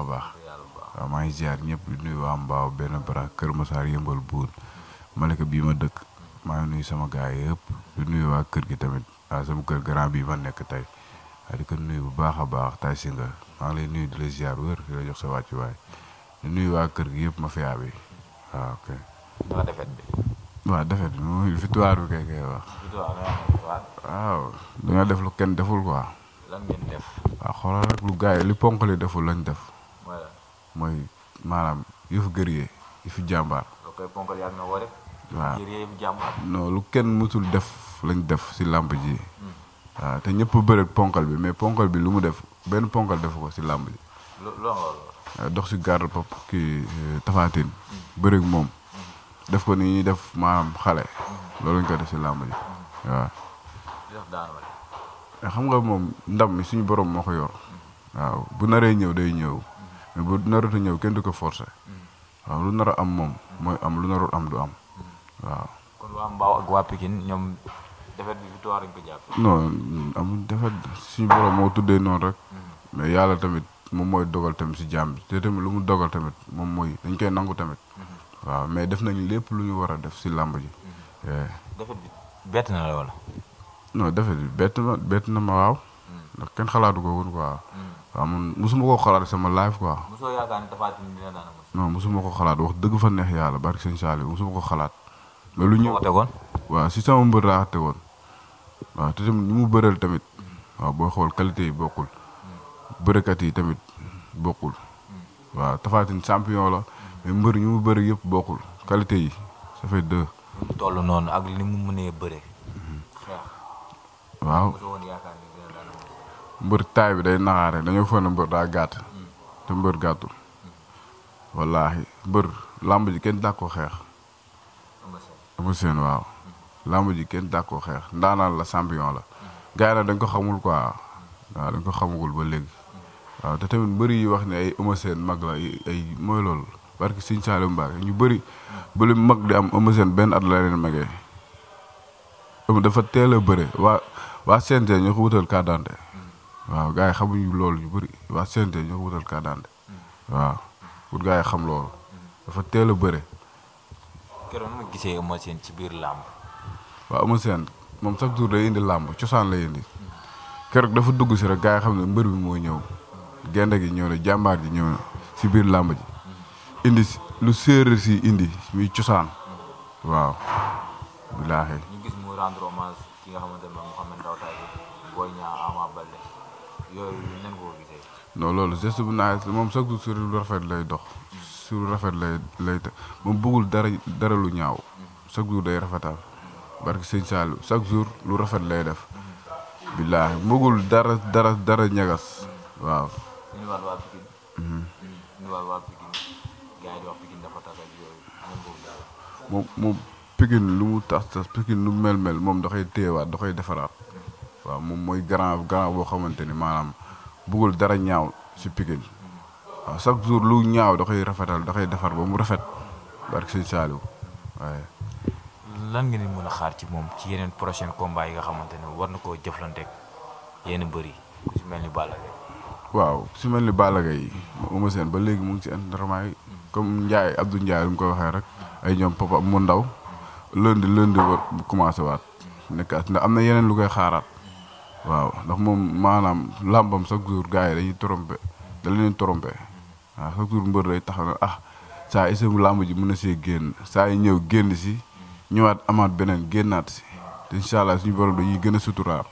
a baax waaw maa ngi ziar ñëpp di nuyu waa mbaaw benn bara kër masaar yëmbal buur malika bii ma dëkk maa nuyu sama gaay yëpp di nuyu ah, waa kër gi tamit oh, waaw sama kër grand bii ma nekk tey waa di ko nuyu bu baax a baax tay si nga maa ngi lay nuyu di la ziar wër di la jox sa di nuyu gi ma fiyaa bi waaw ok waa defet bi waaw defet bi mooy victoire bi kay def lu kenn deful quoi lan ngeen def waaw xoolal ah, rek lu gaay li ponk deful lañ def mooy maanaam yëfu yi yëfu jàmbaar. loo koy ponkal yaa ngi woore. waaw lu kenn mësul def lañ def si làmb ji. Hmm. te ñëpp bëre ponkal bi mais ponkal bi lu mu def benn ponkal defu ko si làmb ji. dox si garde pop kii euh, tafaatin hmm. bëreeg moom. Hmm. def ko ni ñuy def maanaam xale. loolu lañ ko def si làmb ji waaw. xam nga moom ndam mi suñu borom moo ko yor. waaw bu naree ñëw day ñëw. mais bu narut a ñëw kenn di ko forcer. Mm. waaw lu nar a am moom. mooy am lu narul am du am. Mm. waaw. kon waa mbaaw ak waa Pikine ñoom defet bi victoire lañ ko jàpp. defet suñu borom moo tuddee noonu rek. Mm. mais yàlla tamit moom mooy dogal tamit si jàmm bi te lu mu dogal tamit moom mooy dañ koy nangu tamit. Mm-hmm. waaw mais def nañ lépp lu ñu war a def si làmb ji. Mm-hmm. Eh. defet bi bett na la ma waaw. ndax kenn xalaatu ko woon quoi. waaw man mosuma koo xalaat sama live quoi. mosoo yaakaar ne Tapha mosuma ko xalaat wax dëgg fa neex yàlla barke sëñ Saliou mosuma ko xalaat. mais lu ñëw tegoon. waaw si sama mbër laa tegoon waaw te tamit ñu mu bëreel tamit waaw xool qualité yi bokkul bërëkat yi tamit bokkul waaw Tapha Tine champion la yëpp bokkul qualité yi ça fait deux. mu toll noonu ak li mu mënee bëre. mbër taay bi day naxaare dañoo foog ne mbër daa gàtt te mbër gàttul wallaahi mbër làmb ji kenn dàkkoo xeex. Eumeu waaw. làmb ji kenn dàkkoo xeex ndaanaan la champion la. gars nag dañ ko xamul ko waaw dañ ko xamagul ba léegi. waaw te tamit mbëri yi wax ne ay Eumeu mag la ay mooy loolu parce que Sëñ Saliou Mbacké ñu bëri ba lu mag di am Eumeu benn at la leen magee. dafa teel a bëre waa waa CNG ñoo ko wutal carte d'identité waaw gars yi xamuñu loolu ñu bëri waa CNG ñoo ko wutal kaa daan waaw pour gars yi xam loolu. dafa teel a bëre. keroog ma gisee Eumeu Sène ci biir làmb. waaw Eumeu Sène moom chaque jour day indi làmb cosaan lay indi. keroog dafa dugg si rek gars yi xam ne mbër bi moo ñëw. gaynde gi ñëw na jàmbaar ji ñëw na si biir làmb ji. indi lu séeréer si indi muy cosaan. waaw. bilaahi. ñu gis mu rendre ki nga xamante ne Mouhamed Ndao Taïba loolu nan nga loolu geste bu naaj moom chaque jour sur lu rafet lay dox. sur lu rafet lay lay moom bëggul dara dara lu ñaaw. chaque jour day rafetal. barke sëñ Saliou chaque jour lu rafet lay def. billaahi bëggul dara dara dara ñagas. Mhm. moom moom moom lu mu tas tas Pikine lu mel mel moom da koy téyewaat defaraat. waaw moom mooy grand grand boo xamante ni maanaam bëggul dara ñaaw si Pikine waaw chaque jour lu ñaaw da koy rafetal da koy defar ba mu rafet barke sëñ Saliou waaye. lan nga ni mën a xaar ci moom ci yeneen prochain combat yi nga xamante ne war na koo jëflanteeg yenn bëri ku si mel ni Balla Gaye waaw si mel ni Balla Gaye Eumeu Sène ba léegi mu si ci entraînement yi comme njaay Abdou Ndiaye lu mu koy waxee rek ay ñoom papa mu ndaw lundi lundi war commencé waat nekk am na yeneen lu koy xaaraat. waaw ndax moom maanaam làmbam chaque jour gars yi dañuy trompé da leen trompé waaw chaque jour ah, saa yi seen làmb ji mën na see génn saa yi ñëw génn si ñëwaat amaat beneen génnaat si te incha allah suñu borom dañuy gën a suturaal.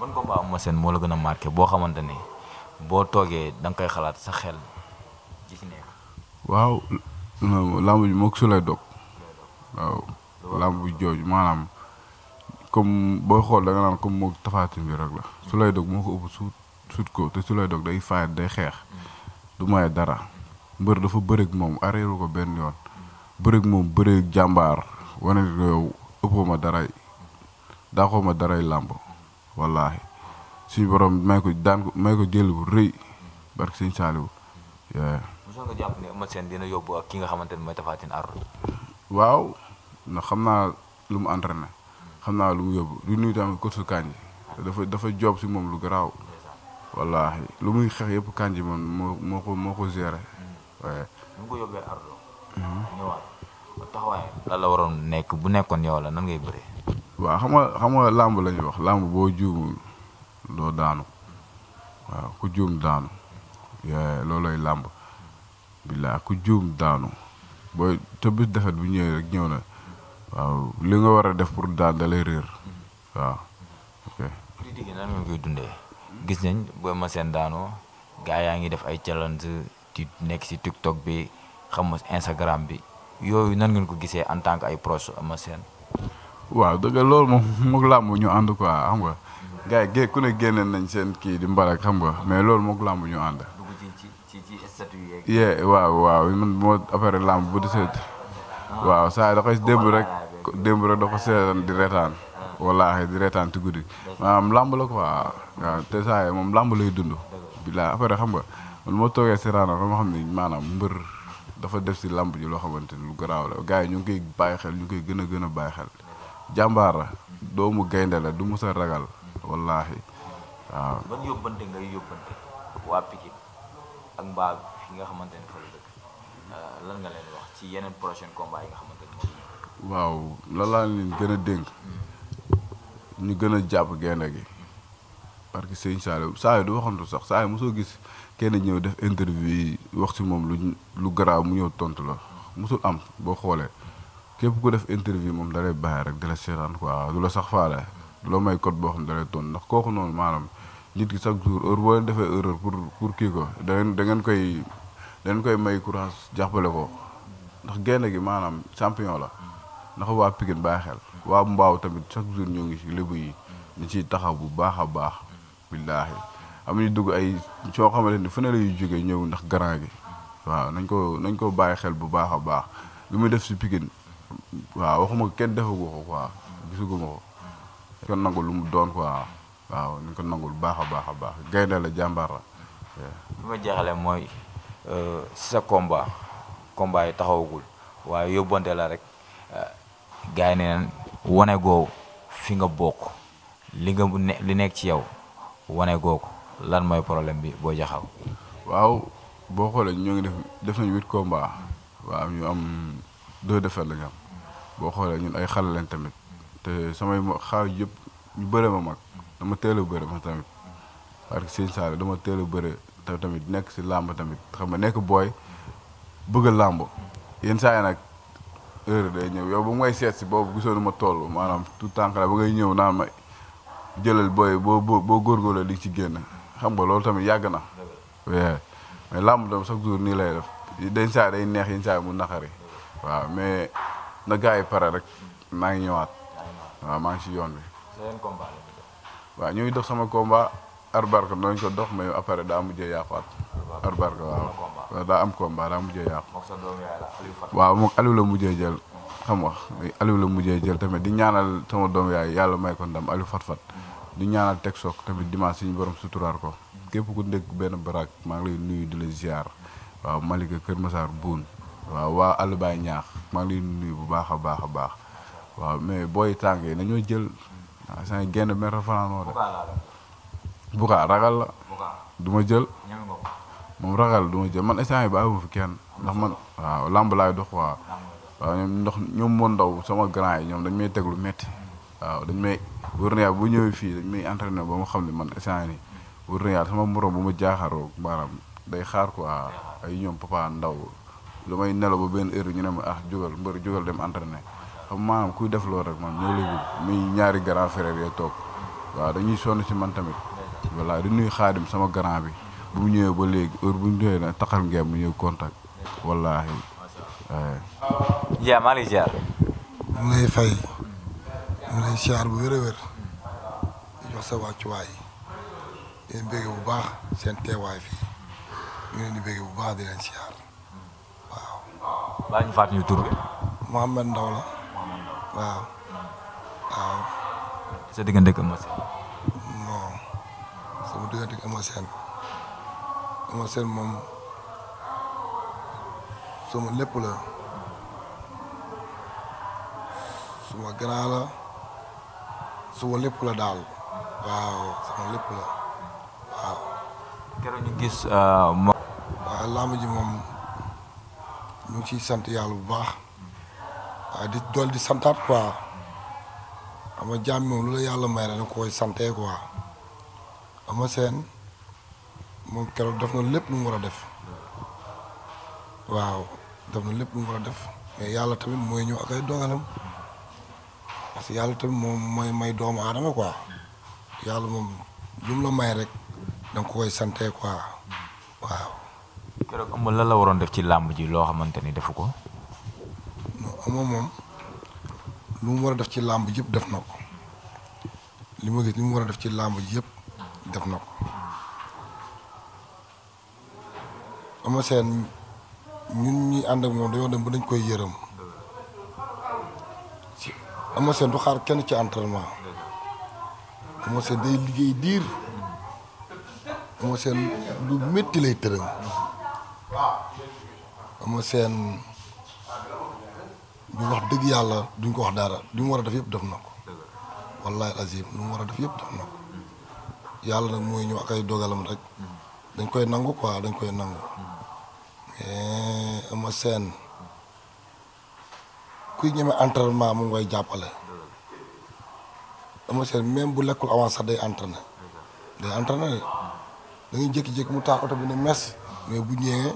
man combat Eumeu Sène moo la gën a marqué boo xamante ni boo toogee da koy xalaat sa xel ci ci nekk. waaw su lay dog waaw làmb jooju maanaam. comme boo xool da naan comme moo tafaatin bi rek la su lay dog moo ko ëpp suut ko te su lay dog day faayet day xeex mm. du may dara mbër dafa bëreeg moom areeru ko benn yoon bëreeg moom bëreeg jàmbaar wane ne yow ëppoo ma dara daaxoo ma daray làmb wallaahi suñu borom may ko daan ko may ko jël bu rëy barke sëñ Saaliw mosoon nga ki nga xamante ne mooy Tapha Tine Ardo waaw ndax xam naa lu mu entraîné xam naa lu mu yóbbu du nuyu tamit coach Kandji dafa dafa job si moom lu garaaw wallaahi lu muy xeex yëpp Kandji moom moo moo ko moo ko géré. waaye. ni la waroon nekk bu nekkoon yow la nan ngay waaw xam nga xam nga làmb la ñuy wax làmb boo juumul doo daanu waaw ku juum daanu loolooy làmb. billaay ku juum daanu booy te bis defet bu ñëwee rek ñëw na. waaw li nga war a def pour daal da lay réer waaw ok critique yi nan ngeen koy dundee gis nañ booy ma seen daanoo gaa yaa ngi def ay challenge di nekk si tiktok bi xam instagram bi yooyu nan ngeen ko gisee en tant que ay proche ma seen waaw dëgg loolu moom moog làmb ñu ànd quoi xam nga gars yi ku ne génne nañ seen kii di mbarak xam nga mais loolu moog làmb ñu ànd yee waaw waaw man moo affaire làmb bu di ah. waaw saa da koy démb rek démb doo da ko seetaan di reetaan wallaahi di reetaan ci guddi maanaam làmb la ko waaw te saa moom làmb lay dund bilaa après xam nga man moo toogee seetaanam dama xam ne maanaam mbër dafa def si làmb ji loo xamante ni lu garaaw la yi ñu ngi koy bàyyi xel ñu koy gën gën a bàyyi xel doomu gaynde la du musa ragal wallaahi waaw ban yóbbante nga xamante ne fa waaw la laa leen gën a dénk ñu gën a jàpp gaynde gi parce que sëñ Saliou Saliou du waxantu sax Saliou mosoo gis kenn ñëw def interview yi wax ci moom lu lu garaaw mu ñëw tontu la mosul am boo xoolee képp ku def interview moom dalay bàyyi rek dala seetaan quoi du la sax faale du may code boo xam dalay tontu ndax kooku noonu maanaam nit ki chaque jour heure boo defee erreur pour pour kii ko da da ngeen koy da koy may courage jàppale ko ndax gaynde gi maanaam champion la ndax waa Pikine bàyyi xel waa Mbaaw tamit chaque jour ñoo ngi si lébu yi ñu ciy taxaw bu baax a baax billaahi am ñu dugg ay soo xamante ni fu ne la ñuy jógee ñëw ndax grand gi waaw nañ ko nañ ko bàyyi xel bu baax a baax li mu def si Pikine waaw waxuma kenn defagu ko quoi gisuguma ko ko nangul lu mu doon quoi waaw nañ ko nangul baax a baax a baax gaynde la jàmbaar la bi ma jeexale mooy si euh, sa combat combat yi taxawagul waaye yóbbante la rek gars yi neen wane goo fi nga bokk li nga ne li nekk ci yow wane goo ko lan mooy problème bi boo jaxaw waaw boo xoolee ñoo ngi def def nañu huit combat waaw ñu am deux défaites la boo xoolee ñun ay xale lañ tamit te samay xaaw yëpp ñu bëre ma mag dama teel bëre ma tamit parce que seen saal dama teel a bëre te tamit nekk si làmb tamit xam nekk booy bëgg a làmb yenn saa nag. heure day ñëw yow bu mu may seet si boobu gisoonu ma tool maanaam tout tànk la ba ngay ñëw naan ma jëlal booy boo boo góorgóorloo di ci génn xam nga loolu tamit yàgg na. mais làmb dam chaque jour nii lay def dañ saa day neex yi saa mu naqari waaw mais na gars yi pare rek maa ngi ñëwaat maa ngi si yoon bi. waaw ñu ngi dox sama combat arbarka noonu ko dox mais après daa mujjee yàqaat. ar ko waaw daa am combat daa mujjee yàqu waaw moom Aliou la mujjee jël xam nga Aliou la mujjee jël tamit di ñaanal sama doom yaay yàlla may ko ndam Aliou Fatfat di ñaanal teg soog tamit dimanche suñu borom suturaar ko képp ku nekk benn baraak maa ngi lay nuyu di la ziar waaw Malika Kër Massar Boun waaw waa àll baay ñaax maa lay nuyu bu baax a baax a baax waaw mais booy tàng yi nañoo jël waaw sa genn mer fanaanoo de bukaa ragal la moom ragal du ma jël man instant yi ba àggu fi kenn ndax man waaw làmb laay dox waaw waaw ñoom ndox ñoom moo ndaw sama grand yi ñoom dañ may teg metti métti waaw dañ may wër na yàlla ñëwee fii dañ may entraîné ma xam ne man instant yi wër na sama morom bu ma jaaxaroo maanaam day xaar quoi ay ñoom papa ndaw may nelaw ba benn heure ñu ne ma ah jógal mbër jógal dem entraîné xam maanaam kuy def rek man ñoo la muy ñaari grand frère yee toog waaw dañuy sonn si man tamit voilà di nuyu xaadim sama grand bi bu ñëwé ba légui heure bu ñëwé na taxal ngeen mu ñëw contact wallahi ya mali ziar lay fay lay ziar bu wëré wër jox sa waccu way en bëgg bu baax seen téway fi ñu leen di bëgg bu baax di leen ziar waaw bañ faat ñu tour mohammed ndaw la waaw waaw sa digënde ak ma non sama digënde ak ma Eumeu Sène moom suma lépp la suma grand la suma lépp la daal waaw suma lépp la waaw. keroog ñu gis. Euh, waaye làmb ji moom ñu ngi ciy sant yàlla bu baax waaye di dool di santaat quoi xam nga jàmm moom lu la yàlla may rek da nga koy sante quoi Eumeu seen moom keroog def na lépp lu mu war a def waaw def na lépp lu mu war a def mais yàlla tamit mooy ñëw ak ay dogalam yàlla tamit moom mooy may doomu aadama ko yàlla moom lu mu la may rek da ko koy sante ko waaw. keroog amul lan la waroon def ci làmb ji loo xamante ni defu ko. non amoo moom lu mu war a def ci làmb yëpp def na ko li ma gis li mu war a def ci làmb ji yépp def na ko. Eumeu seen ñun ñi ànd ak moom dañ koy yërëm Eumeu Sène du xaar kenn ci entraînement Eumeu Sène day liggéey diir Eumeu Sène lu métti lay tërëm Eumeu Sène ñu wax dëgg yàlla duñ ko wax dara li war a def yëpp def na ko wallahi azim lu war a def yëpp def na ko yàlla nag mooy rek dañ koy nangu quoi dañ koy nangu ama seen kuy ñeme entraînement mu ngay jàppale ama seen même bu lekkul avant sax day entraîné day entraîné da ngay jékki mu taax oto bi ne mes mais bu ñëwee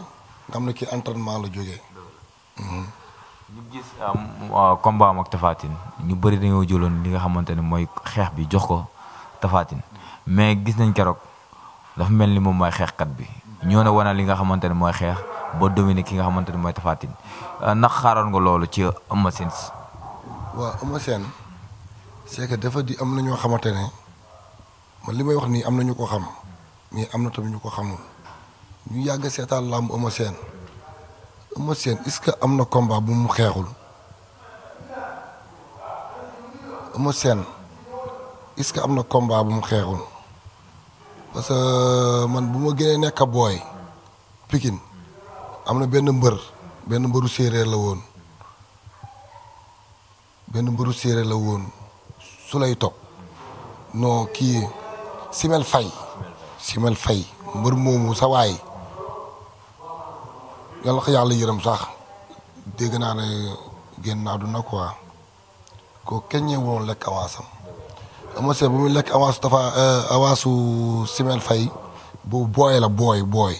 nga xam ne kii entraînement la jógee mhm. ñu gis combat am ñu bëri dañoo jëloon li nga xamante ne mooy xeex bi jox ko Tapha mais gis nañ keroog dafa mel ni moom mooy xeexkat bi ñoo ne wana li nga xamante ne mooy xeex ba dominer ki nga xamante ni mooy Tapha Tine euh, ndax xaaroon nga loolu ci Eumeu Sène. waaw Eumeu Sène c'est que dafa di am na ñoo xamante ne man li may wax nii am na ñu ko xam mais am na tamit ñu ko xamul ñu yàgg seetaan làmb Eumeu Sène ce que am na combat bu mu xeexul Eumeu Sène est-ce que am na combat bu mu xeexul parce que man bu ma gënee nekk booy Pikine am na benn mbër benn mbëru séeréer la woon benn mbëru séeréer la woon su lay topp non kii Simel Fay Simel Fay mbër moomu sa waay yàlla ko yàlla yërëm sax dégg naa ne génn naa duna quoi ko kenn ñëwoon lekk awaasam ama se bu muy lekk awaasu dafa euh, awaasu Simel Fay bu booy la booy booy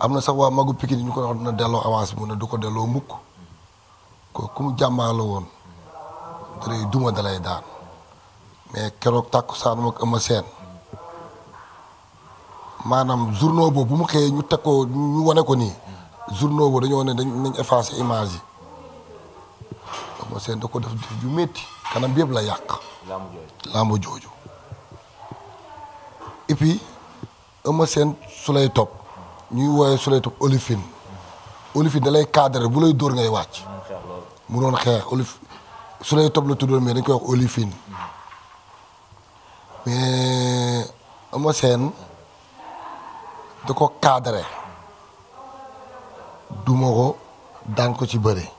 am na sax waa magu Pikine ñu ko wax dina delloo avance bi mu ne du ko delloo mukk ko ku mu jàmbaar la woon dalay duma dalay daan mais keroog tàkkusaan ak Eumeu seen maanaam journaux boobu bu mu xëyee ñu teg ko ñu wane ko nii journaux boobu dañoo ne dañ nañ effacer image yi Eumeu Sène da ko def jëf ju metti kanam bi yëpp la yàq làmb jooju et puis Eumeu Sène su lay topp ñuy wooyee suleetu olifine olifine da lay cadré bu lay dóor ngay wàcc. mu doon xeex olif su lay topp la tuddoon mais dañ koy wax olifine mais ama seen ko cadré duma ko daan ko ci bëri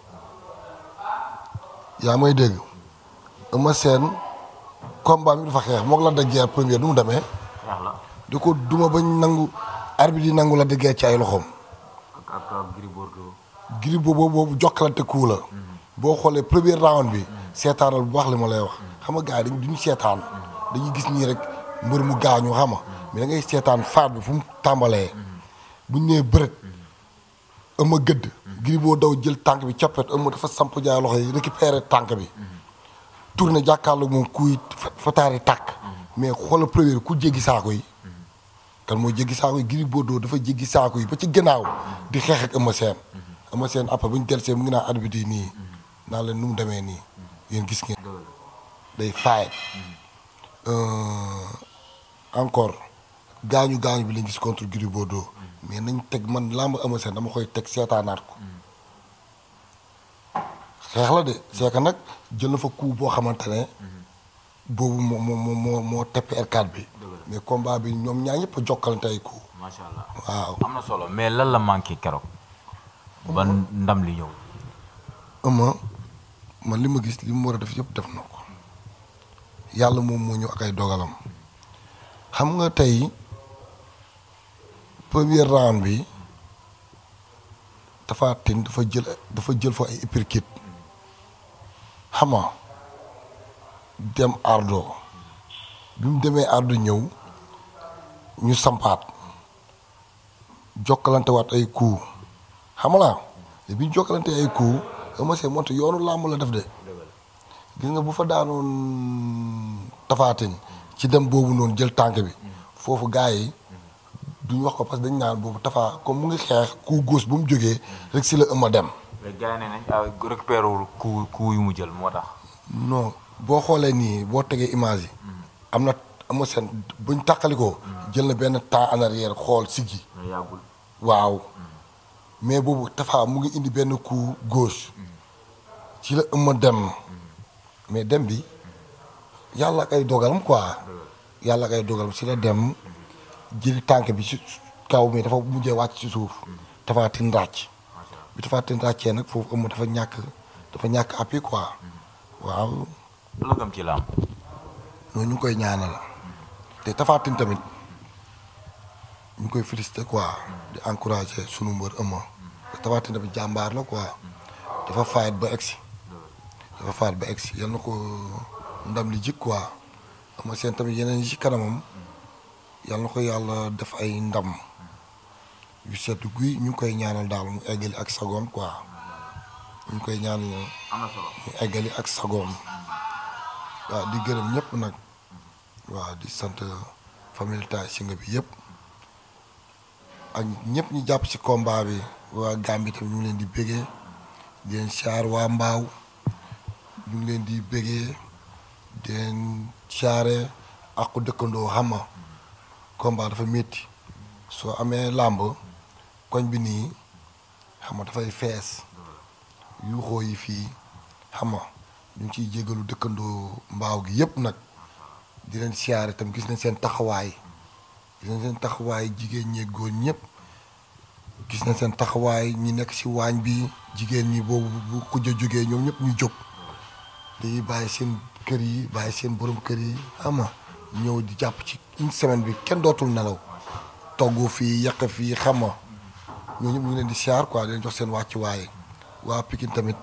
yaa may dégg ama seen combat bi dafa xeex mook la dajjeer première du mu demee di ko duma bañ nangu arbitre yi nangu la dëggee ci ay loxoom. ak ak Gris Bordeaux. Gris Bordeaux boobu jokkalante kuu mm-hmm. boo xoolee premier round bi. seetaanal bu baax li ma lay wax. xam nga gars yi dañu seetaan. Mm-hmm. dañuy gis nii rek mbër mu gaañu xam nga mm-hmm. mais da ngay seetaan faat bi fu mu tàmbalee. bu ñu nee bërët. ëmma gëdd. Gris Bordeaux daw jël tànk bi coppet ëmma dafa samp jaay loxo yi récupéré tànk bi. tourné jàkkaarloo moom kuy fa tàkk. mais xoola premier ku jéggi saako yi. kan moo jéggi saako yi Gris dafa jéggi saako yi ba ci gannaaw di xeex ak Eumeu Sène Eumeu Sène après bu ñu delsee mu ngi naan arbitre yi nii naa leen nu mu demee nii yéen gis ngeen day faay euh, encore gaañu gaañu bi lañ gis contre Gris Bordeaux mais nañ teg man làmb Eumeu Sène dama koy teg seetaanaat ko xeex la de c'est nag jël na fa coup boo xamante ne boobu moo moo moo moo tepp r bi. mais combat bi ñoom ñaa ñëpp jokkalante ay ko. macha allah waaw na solo mais lan la manqué keroog. ba ndam li ñëw. ama man li ma gis li mu war a def yëpp def na ko yàlla moom moo ñëw ak ay dogalam xam nga tey premier round bi Tapha Tine dafa jël dafa jël fa ay uppercut xama dem ardo bi mu demee ardo ñëw ñu sampaat jokkalante waat ay coup xamalaa bi ñu jokkalante ay coup Eumeu Sène moonte yoonu làmb la def de gis nga bu fa daanoon tafaatin ci dem boobu noonu jël tànk bi foofu gars yi duñ wax ko parce que dañ naan boobu tafaa comme mu ngi xeex coup gauche bu mu jógee rek si la Eumeu dem. mais gars yi ah, yu mu jël moo tax. boo xoolee nii boo tegee image yi. am na am na seen buñ tàqalikoo. jël na benn temps en arrière xool siggi waaw mm. mais boobu Tapha mu ngi indi benn ku góos ci la ëmma dem. Mm. mais dem bi yàlla ay dogalam quoi. Mm. yàlla kay dogalam si la dem jël tànk bi si kaw mi dafa mujjee wàcc ci suuf. Tapha Tine ràcc. bi Tapha Tine ràccee nag foofu ëmma dafa ñàkk dafa ñàkk appui quoi waaw. lu gëm ñu ngi koy ñaanal te tafaatin tamit ñu koy félicité quoi di encouragé sunu mbër ëmma te tafaatin tamit jàmbaar la quoi dafa faayit ba egsi dafa faayit ba egsi yal na ko ndam li jik quoi ama seen tamit yeneen yi ci kanamam yal na ko yàlla def ay ndam yu seetu guy ñu ngi koy ñaanal daal mu eggali ak sagoom quoi ñu koy ñaanal mu eggali ak sagoom waa di gërëm ñëpp nag waaw di sant famille Tay Shinger bi yépp ak ñépp ñu jàpp ci combat bi waa Gambie tamit ñu leen di bégee di leen waa Mbaaw ñu ngi leen di bégee di leen siyaare dëkkandoo xama combat dafa metti soo amee làmb koñ bi nii xama dafay fees yuuxoo yi fii xama ñu ngi ciy jégalu dëkkandoo mbaaw gi yépp nag di leen siyaare itam gis na seen taxawaay gis nañ seen taxawaay jigéen ñeeg góor ñëpp gis na seen taxawaay ñi nekk ci waañ bi jigéen ñi boobu bu xuj a jógee ñoom ñëpp ñu jóg dañuy bàyyi seen kër yi bàyyi seen boroom kër yi ama ñëw di jàpp ci une semaine bi kenn dootul nelaw togg fii yàq fii xama ñoo ñëpp ñu ngi leen di siyaar quoi di leen jox seen wàccuwaay waa Pikine tamit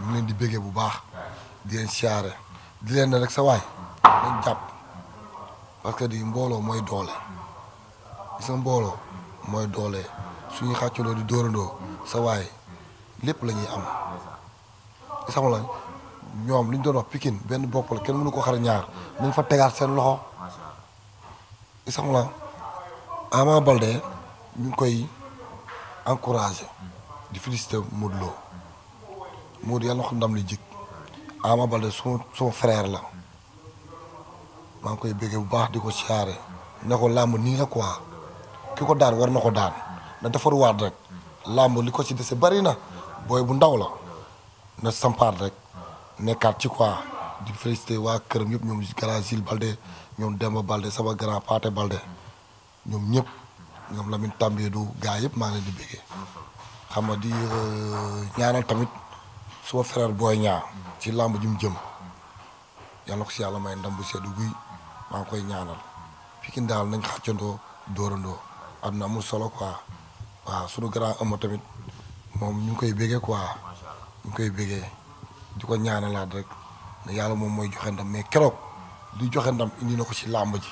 ñu leen di béggee bu baax di leen siyaare di leen rek sa waay dañ jàpp parce que di mbooloo mooy doole gis nga mbooloo mooy doole suñu xàccandoo di dóorandoo sa waay lépp la ñuy am isama la ñoom luñ ñu doon wax Pikine benn bopp la kenn mënu ko xar ñaar nañ fa tegaat seen loxo isama la Ama Baldé ñu ngi koy encouragé di félicité Modou Lo Modou yàlla na ko ndam li jik Ama Baldé suma suma frère la maa ngi koy béggee bu baax di ko siyaare ne ko làmb nii la quoi ki ko daan war na ko daan na defaruwaat rek làmb li ko ci dese bari na booy bu ndaw la na sampaat rek nekkaat ci quoi di félicité waa këram yëpp ñoom grand Gilles Baldé ñoom Demba Baldé sama grand Paté Baldé ñoom ñëpp ñoom lamit Lamine du gaa yëpp maa ngi di béggee xam nga di euh, ñaanal tamit suma frère booy ñaar ci làmb ji mu jëm yàlla ko si yàlla may ndam bu seddu maa ngi koy ñaanal Pikine daal nañ xàccandoo dóorandoo am na amul solo quoi waaw sunu grand ëmma tamit moom ñu ngi koy bégee quoi ñu koy bégee di ko ñaanalaat rek ne yàlla moom mooy joxe ndam mais keroog du joxe ndam indi na ko ci làmb ji